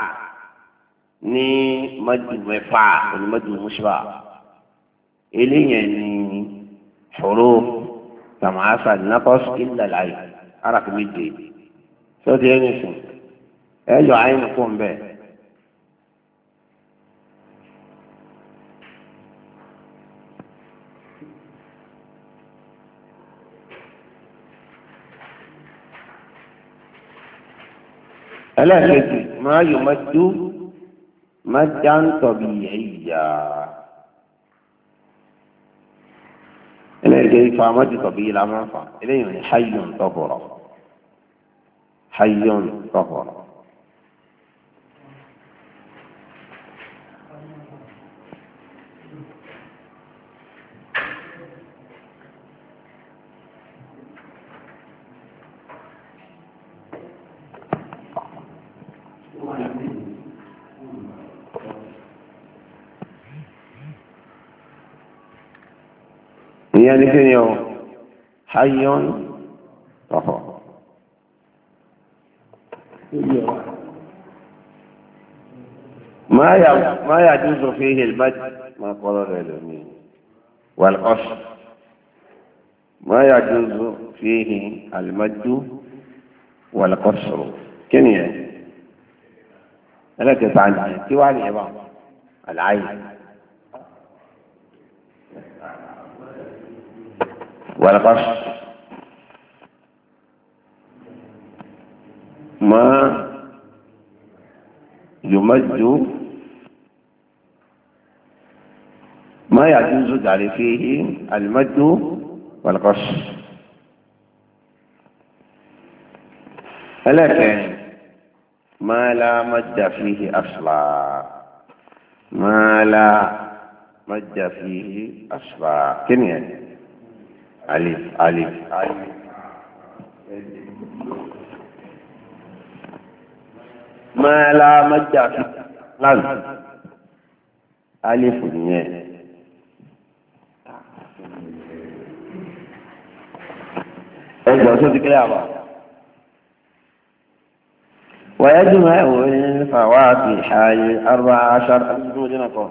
ني مد مفا مد مشبع إليه يعني حروف تمعاسا نقص إلا العين أرك مدي سوتي يعني سن أجو عين قوم به ẹlẹ́ẹ̀kejì máa yọ mẹ́jú mẹ́já ń tọ̀bí ẹ̀yà ẹlẹ́ẹ̀kejì fa mẹ́jú tọ̀bí ìlà máa fà eléyìí ní hayyon tọ̀bọ̀rọ̀ ìyẹn كنيو يعني حي رفع ما ọ̀họ̀. ما يجوز فيه البدء ما قال العلمين والقصر ما يجوز فيه المد والقصر كنية أنا تتعنى تيوان عبارة العين والقصد ما يمد ما يعتمد عليه فيه المد والقص لكن ما لا مد فيه أصلا ما لا مد فيه أصلا كم يعني ألف ألف ما لا مجد لن نعم. ألف نيه إيه، ويجمع الفواكه الأربع عشر أنتم جنكم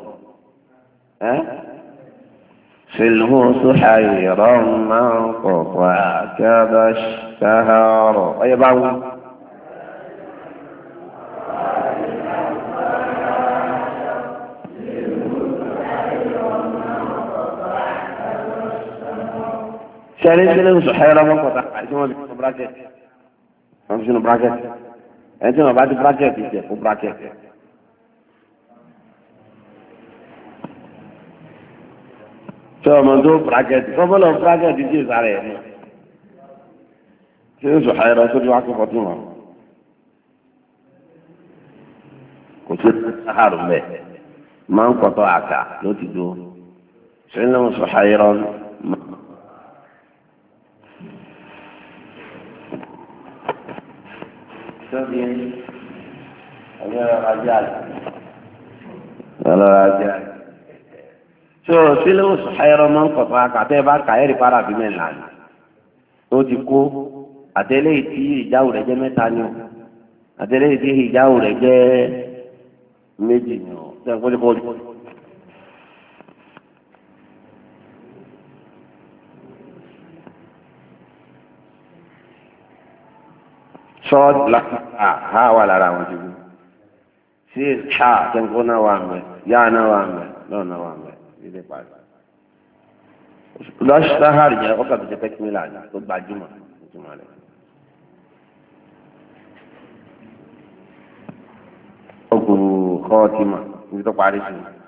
في الهوس حيرا ما قطع كذا اشتهر أي بعض شارين سنة سحيرة ما قطع عايزين براكت ما براكت أنت ما براكت براكت sọ ọmọ tó pàkẹ́tì fọ́bọ́lọ́ pàkẹ́tì jẹ́ sára ẹ̀ mọ́ ṣé ń sọ àyẹ̀rọ tó ní wá kó fọ́tún wọn kò sí sáhàrù mẹ́ máa ń kọ́tọ́ àkà ló ti dúró ṣé ń sọ àyẹ̀rọ Tọ́bi ẹni, ọ̀gbẹ́rẹ́ ajá. Ọlọ́run ajá. so syllabus hayroman kọfà kàtẹ́ bá kàyẹ́ rí para bí mẹ́rin lánàá o ti kó àtẹ́lẹ́ ìtì ìjáwó rẹ̀ jẹ mẹ́ta ni o àtẹ́lẹ́ ìtì ìjáwó rẹ̀ jẹ́ méjì ni o ha wà lára àwọn jùlọ sí ha tẹ́ńkó náà wà mẹ́ yáà náà wà ilé parí lọ́ṣáhárì yẹn ọkà tó ṣe fẹ́ kí mílà tó gbajúmọ̀ ìtumọ̀ rẹ̀ ọkùnrin kọ́ọ̀tìmọ̀ níbi tó parí sí i.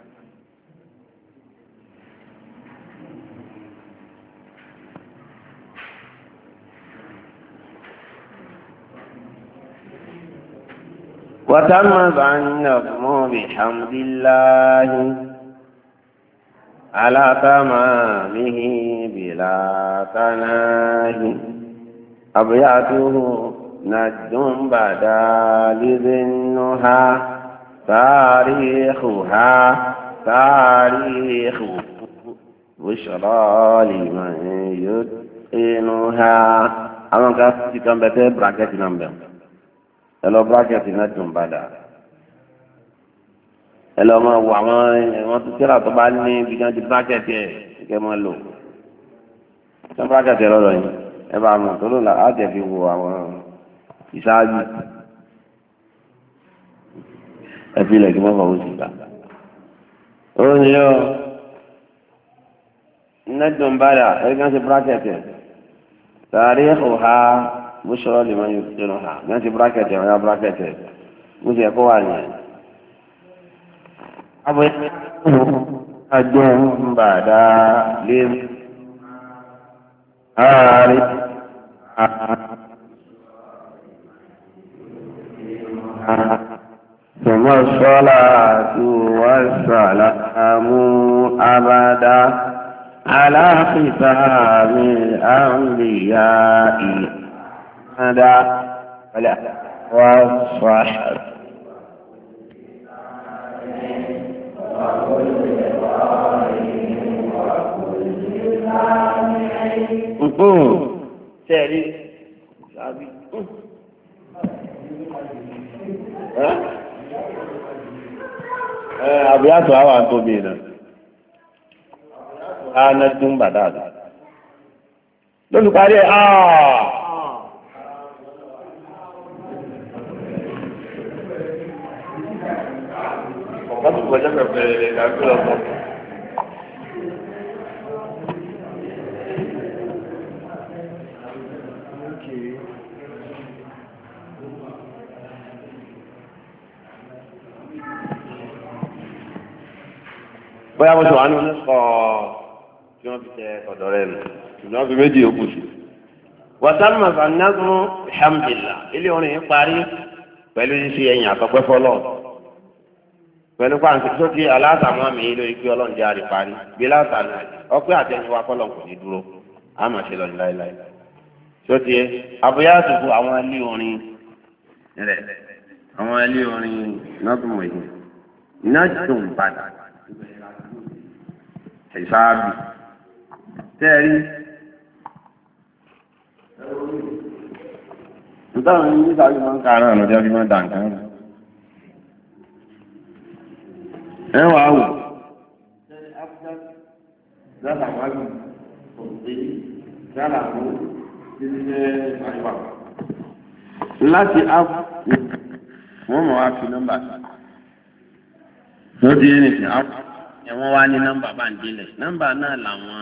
وتم ظنكم بحمد الله على تمامه بلا تناهي أبياته نجد بدا لذنها تاريخها تاريخ بشرى لمن يتقنها أما كافتي كان بتاع براكتي نمبر. Hello, bracket is not bad ẹ lọ máa wọ àwọn ẹwọn tó tẹ́lá tó bá ní ibi kan ti bákẹ́tì ẹ̀ kẹ́ máa lò tó bákẹ́tì ẹ lọ́dọ̀ yìí ẹ bá mọ̀ tó ló là á tẹ̀ fi wo àwọn ìṣáájú ẹ fi ilẹ̀ kí wọ́n fọwọ́ sí ta. ó ní yọ nẹ́dùn bára ẹ kí wọ́n ti bákẹ́tì ẹ̀ tààrí ọ̀há bó ṣọ́ọ́ lè máa yọ kí wọ́n ti bákẹ́tì ẹ̀ wọ́n yá bákẹ́tì ẹ̀ bó ṣe ẹ̀kọ́ wà nìyẹn. أبد بعد لم عارف ثم الصلاة والسلام أبدا على ختام الأنبياء أبدا والصحب sẹ́ẹ̀rí sábì. àbíyàtọ̀ àwọn àtòbí náà ana dún bàdá àdá lólùparí àà Wọ́n wọ́n sọ wánú kọ́ tí wọ́n fi tẹ ọ̀dọ́ rẹ̀ nù ṣùgbọ́n fi méjì yòókù sí. wàtán màfà nàgùn alhamdulillah ilé orin yìí parí pẹ̀lú ṣíṣe ẹ̀yìn àtọ́pẹ́ fọlọ́ pẹ̀lú pàǹtí sókè aláàtàmọ́ mi lórí pé ọlọ́run jẹ́ àrí parí bí láǹtàn ọpẹ́ àtẹnuwa kọ́lọ̀ kò ní dúró a máa ṣe lọ ní láéláé sóti abúlé àtúntò àwọn ilé orin rẹ àwọn ilé orin nọ́ọ̀tùmọ̀ yìí nọ́ọ̀tùmọ̀ bàdàn ìsáàbì tẹ́ẹ̀rí ìtàwọn ní ìsáàbì máa ń kààrà ànàjá fi máa dàǹkà rẹ̀ ẹwà áwò láti áwò wọ́n mọ̀ wá fi nọ́mbà sí lọ́dí ẹnìkan áwò ẹ̀wọ̀n wá ní nọ́mbà bá ń délẹ̀ nọ́mbà náà làwọn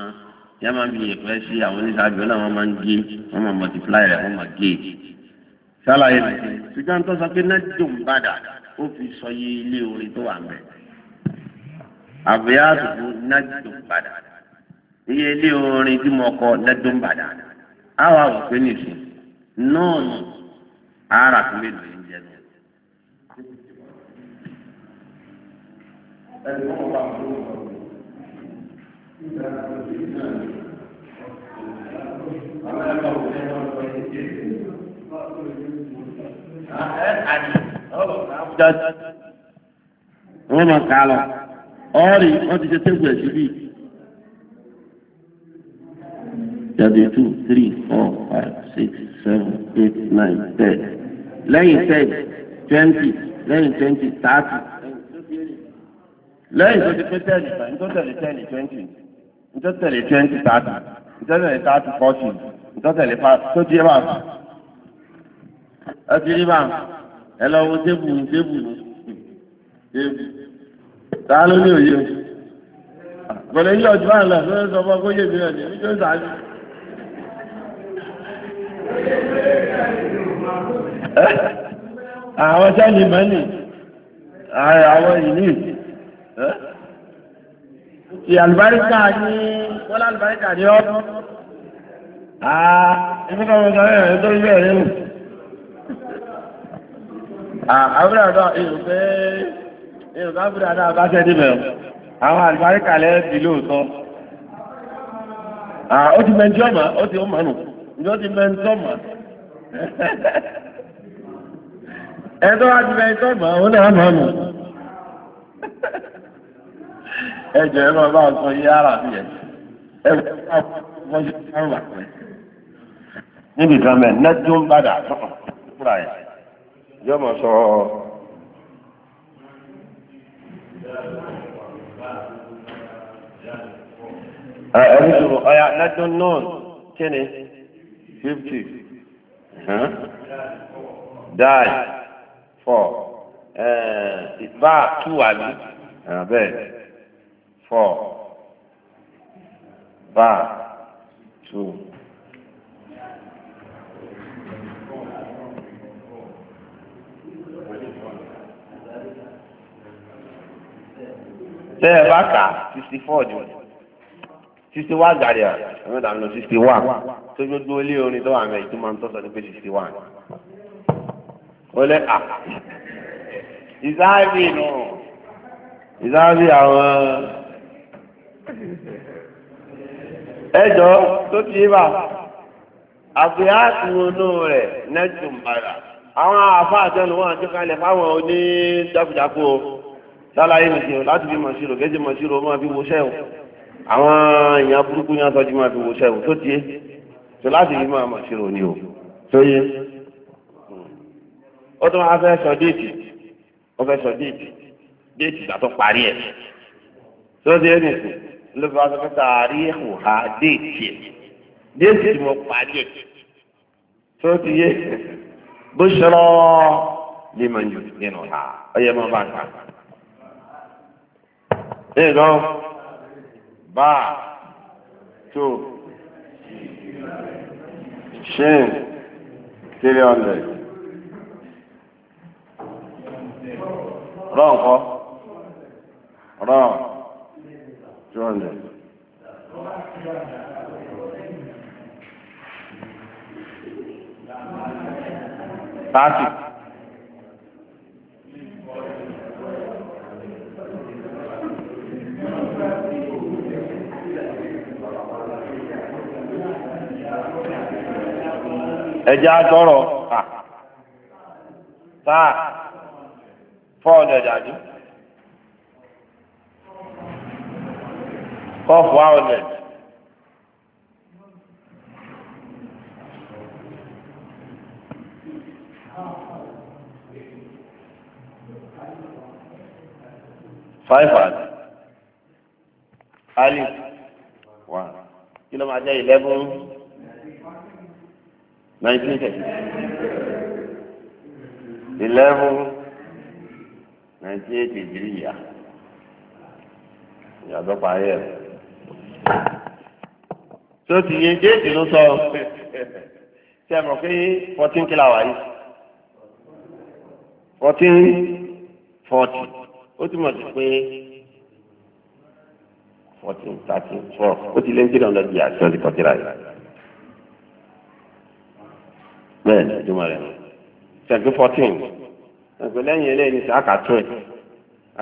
yẹn máa ń fi yẹ̀pẹ̀ sí àwọn oníṣàájú náà wọ́n máa ń gé wọ́n máa multiply rẹ̀ wọ́n máa gé sálàyé rẹ̀ ṣùgbọ́n tó sọ pé náà dùn bàdà ó fi sọ yé ilé orin tó wà mẹ́ àbúyá àtùkù náà dùn bàdà iye ilé orin tí mo kọ náà dùn bàdà á wà wọ̀ náà nù ẹni wọn bá tó ń sọ ìgbà tó ti nà àwọn ẹ̀ka òkè wọn lọ Wọ́n máa kà á lọ. Ọ́ọ̀rì wọ́n ti ṣe tébù ẹ̀ síbí. Jáde two three four five six seven eight nine ten. Lẹ́yìn ten twenty lẹ́yìn twenty thirty lẹ́yìn tó ti pé tẹ́lì tán tó tẹ̀lé tẹ́lì twenty tó tẹ̀lé twenty thirty tó tẹ̀lé thirty forty tó tẹ̀lé tó ti bá ẹ ti rí bá ẹ lọ wo débù ní débù ní débù tá ló ní òye gbọ̀dọ̀ yí ọjọ́ àlọ́ lórí sọ fún ọgọ́yè mi ọ̀dẹ̀ mi tó sàájú. àwọn sẹ́ni mọ́nì àwọn ìní ti àlùbáríkà ní wọ́lá àlùbáríkà ní ọdún àà ibi kan mọ̀ sọ́rọ̀ ẹ̀rọ tó rí bẹ́ẹ̀ nínú àbúrò àdá ìrùfẹ́ ìrùfẹ́ àbúrò àdá bá tẹ́ dì mẹ́rin àwọn àlùbáríkà lẹ́ẹ̀bì lóòótọ́ ó ti mẹ́ntí ọmọ ó ti ọmọ nù ní ó ti mẹ́ntí ọmọ ẹ̀tọ́ wá ti mẹ́ntí ọmọ ó náà mọ̀ nù ẹjọ́ ẹ̀rọ bá sọ yé ara bí ẹ̀ ẹ̀rọ bá wọ́n ṣe ń wà pẹ́. níbi kan mẹ́ nẹ́jọ́ ń padà fúnra ẹ̀ yọ mọ̀ sọ. ẹni sọ̀rọ̀ ọ̀yà nẹ́jọ́ náà kí ni fifty die four ìbá two àbí bẹ́ẹ̀ four back two. tẹ ẹ bá kà sixty four ni sixty one gàdí à ẹ̀mí ìdààmú lọ sixty one tó gbogbo ilé orin tó wà mẹ́ ìtumọ̀ tó sọ ní pé sixty one ó lẹ́ à ìsáàbì nù ìsáàbì àwọn ẹjọ́ tó ti yé bá àbúyá ìwònú rẹ̀ nẹ́tùm bàrà àwọn àfa àtẹnu wọn àti kalẹ̀ fáwọn oní jákujáku o lálàyé nìkan láti fi mọ̀ṣírò kéjì mọ̀ṣírò máa fi wọṣẹ́ o àwọn èèyàn burúkú yẹn tọ́jú máa fi wọṣẹ́ o tó ti yé tó láti fi máa mọ̀ṣírò ni o tó yé ó tún wá fẹ́ sọ déètì ó fẹ́ sọ déètì déètì gbà tó parí ẹ̀ tó ti yé nìkan ló fi wá sọ fún tààrí ìhùwà déètì ẹ̀ déètì tí mo parí ẹ̀ tó ti yé bó ṣọlọ́ lè máa yọ nínú ha ọyẹ máa bá ta. ẹ lọ bá tó ṣe three hundred rọ nǹkan rọ. 200. Thirty. Ẹja gbọ́rọ̀ ta ah. ta four hundred four hundred. five hundred Ali. one kí ló máa jẹ́ eleven nineteen thirty eleven Nineteen. eight ìdírí ìyá ìyàtọ̀ parí ẹ̀ tó ti yé déètì ló sọ ṣe mọ̀ pé fourteen kìlá wà yìí fourteen forty ó túmọ̀ sí pé fourteen thirteen twelve ó ti lé ní three hundred years ṣọ́ọ́ ti kọ́ kíra yìí bẹ́ẹ̀ ni ìdúmọ̀ rẹ̀ ṣẹ́gun fourteen ẹgbẹ́ lẹ́yìn eléyìí ní sẹ́ àkà twelve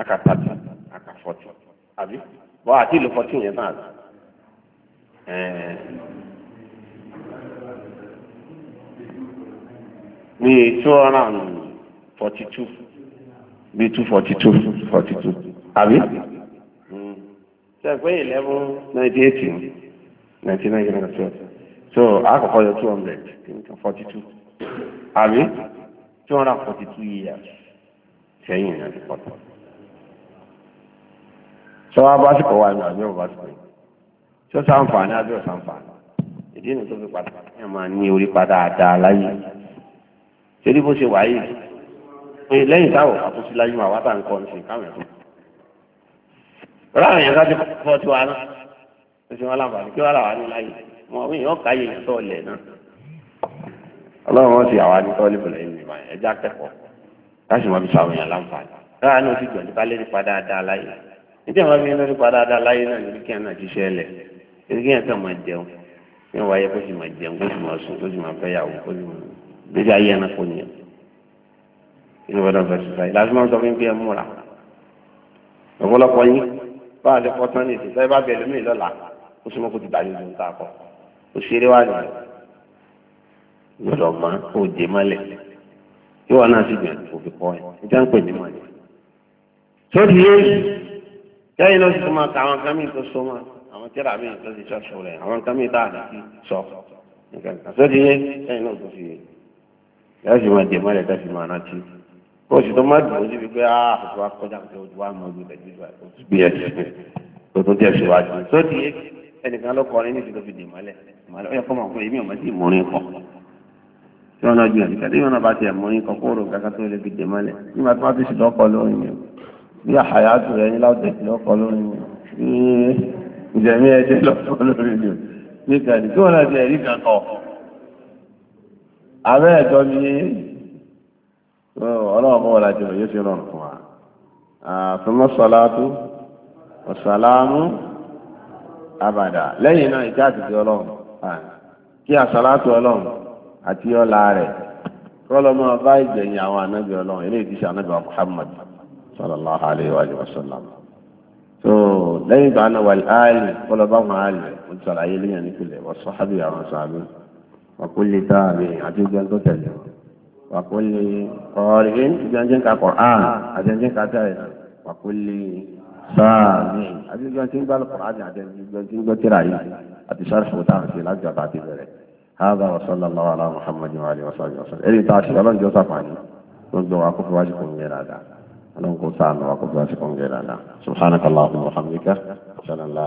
àkà thirteen àkà fourteen àbí bọ́ àti ìlú fourteen yẹn náà. ní eh. two hundred 242, forty two bí two forty two forty two hmm. eleven ninety eight ninety nine twelve so àkọ́kọ́ yọ two hundred forty two àbí two hundred forty two years sẹ́yìn ìrìn pọtọ sọ wá bá àbí ọba yìí. tí ó sàǹfààní àbí ọ̀sàǹfààní ìdí ìnù tó fi pàtàkì ẹ̀ máa ní orí padà dáa láyé torí bó ṣe wà yìí pé lẹ́yìn táwọn àtúnṣe láyé máa wá tà ń ní sìn káwọn ká ti tí wàá náà kí ní láyé wọn ìtọ́ ọ̀lẹ̀ náà. ọlọ́run wọn àwa ní bọ̀lẹ̀ yìí fi èèyàn láǹfààní. náà èdè kí yẹn kàn máa jẹun yẹn wáyé kó sì máa jẹun kó sì máa sùn kó sì máa fẹ́ yàwó kó sì máa gbèsè ayé ẹ̀nà kò nìyẹn inú gbọdọ̀ fẹ́ sùn báyìí lásìmọ́ sọ fún bíi múra ọ̀pọ̀lọpọ̀ yín bá a lè kọ́ tán ní ìsìn sọ́yìn bá bẹ̀rẹ̀ lómi lọ́la ó súnmọ́ kó ti bàjẹ́ ju nǹkan àkọ́ òṣèré wà ní gbọdọ̀ máa ó dé mọ́lẹ̀ ìwọ náà sì gbìyànjú kò fi kọ́ ẹ̀ níta ń pè ní mọ́lẹ̀ tó ti yé yìí kẹ́yìn lọ́sùn tó àwọn tíra mi tó ti ṣọ́ọ̀ṣù rẹ̀ àwọn nǹkan mi tá a lè sọ nǹkan kan sọ́ọ́ ti yé sẹ́yìn náà tó fi yé yóò sì máa dèmọ́ rẹ̀ tẹ́sí máa rántí kó o sì tó máa dùn ó síbi pé áà ah, àti wá kọjá pé ojú wa mọ ojú tẹ̀jú ìgbà tó ti gbé ẹsẹ̀ tó tó tẹ̀ síwájú sọ́ọ́ ti yé ẹnìkan ló kọrin ní ìṣèlú fi dèmọ́ rẹ̀ ó yẹ kó máa fún èmi ọ̀mọ́ sí ìmúrin kan tí wọn náà gbìyànjú kí adéyàn náà bá tiẹ̀ mú yín kan kó rò kankan tó lè fi dèmọ́ rẹ̀ nígbà tí bí àhàyà àtúrẹ̀ yín láwùjọ ìṣèlú ọkọ̀ lórí mi ìjẹ̀mí ẹ̀ṣẹ́ lọ́pọ̀ lórí ìlú níta ní kí wọ́n láti ẹ̀rí kankan àmẹ́ ẹ̀tọ́ mi ọlọ́run fún wọn láti ọ̀yọ́ sí ọlọ́run fún wa àfihàn sọláàtú ọ̀sàlámù abàdà lẹ́yìn náà ìjà àtìsí ọlọ́run kí àsàlátù ọlọ́run àti ọlá rẹ̀ kọ́lọ́mọ bá ìgbẹ̀yìn àwọn anábì ọlọ́run eléyìí ti ṣe anábì Muhammad sallallahu alayhi wa so lẹ́yìn ìgbà náà wàlí áàlì kọlọ́bá wọn áàlì mo ti sàlàyé léyìn nípìnlẹ̀ wọ́n sọ hábì àwọn sàbí wàkúlì dáàbì àti ìgbà tó tẹ̀lé wàkúlì kọ́ọ̀rì ìgbà jẹ́ ká kọ̀ọ̀án àti ìgbà ká tẹ̀lé wàkúlì sàbí àti ìgbà tí ń gbà lọ́kọ̀ àti àti ìgbà ń gbọ́ tíra yìí àti sáré fòtá àti láti ọ̀tá àti bẹ̀rẹ̀ هذا وصلى الله على محمد وعلى اله وصحبه وسلم. إلي تعشي الله فاني. نقول واقف واجبكم غير هذا ọlọ́run kò sáà náà wà kó fún àṣekọ̀ǹgẹ̀ dáadáa subhanaka allahumma wa hamdika ṣẹlẹ̀ ńlá